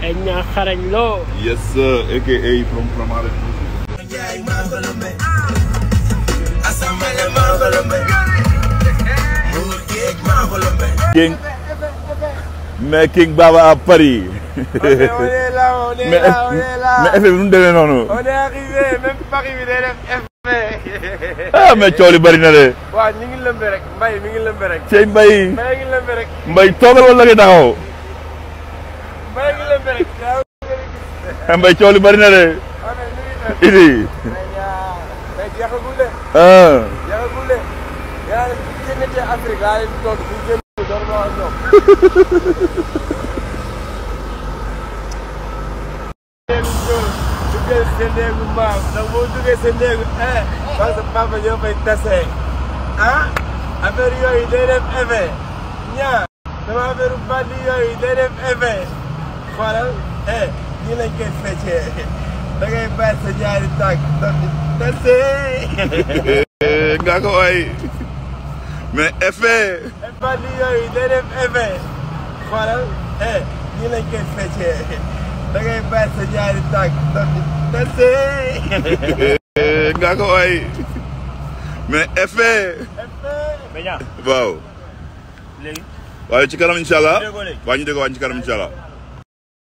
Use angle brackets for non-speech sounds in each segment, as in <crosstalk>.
Enya xarañ loo. yes sir aka from from Arend. King mais King Baba à Paris. on est là on est là on est là na de. waaw ñu ngi rek mbay mi ngi lëmbe rek. Cheikh mbay toogal wala nga taxaw. mbay coow li bari na le idi. ah. seen néegu maam ndax boo duggee seen néegu eh parce que papa ñoo fay tasee ah <laughs> affaire yooyu day def effet ñaar sama affaire bandi yooyu day def effet xoolal eh nii lañ koy feccee da ngay bàyyi sa ñaari tànk tase nga ko waay nga ko waay mais effet. effet. waaw. léegi. ci kanam incha allah. waa ñu déggoo ci kanam incha allah.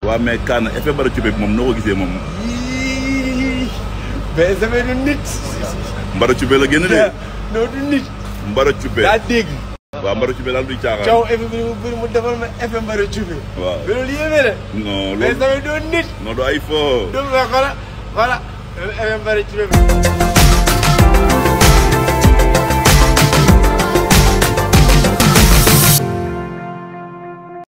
waaw mais Kaan effet bara cube bi moom noo ko gisee moom. mais effet du nit. mbara cube la génn de. non du nit. mbara cube daa dégg. waaw mbara cube daal duy caaxaan. caw effet bi mu mu defal ma effet mbara cube. waaw mais loolu yéeme la. non loolu mais tamit doo nit. non du ay fo. du ma voilà voilà effet mbara cube bi.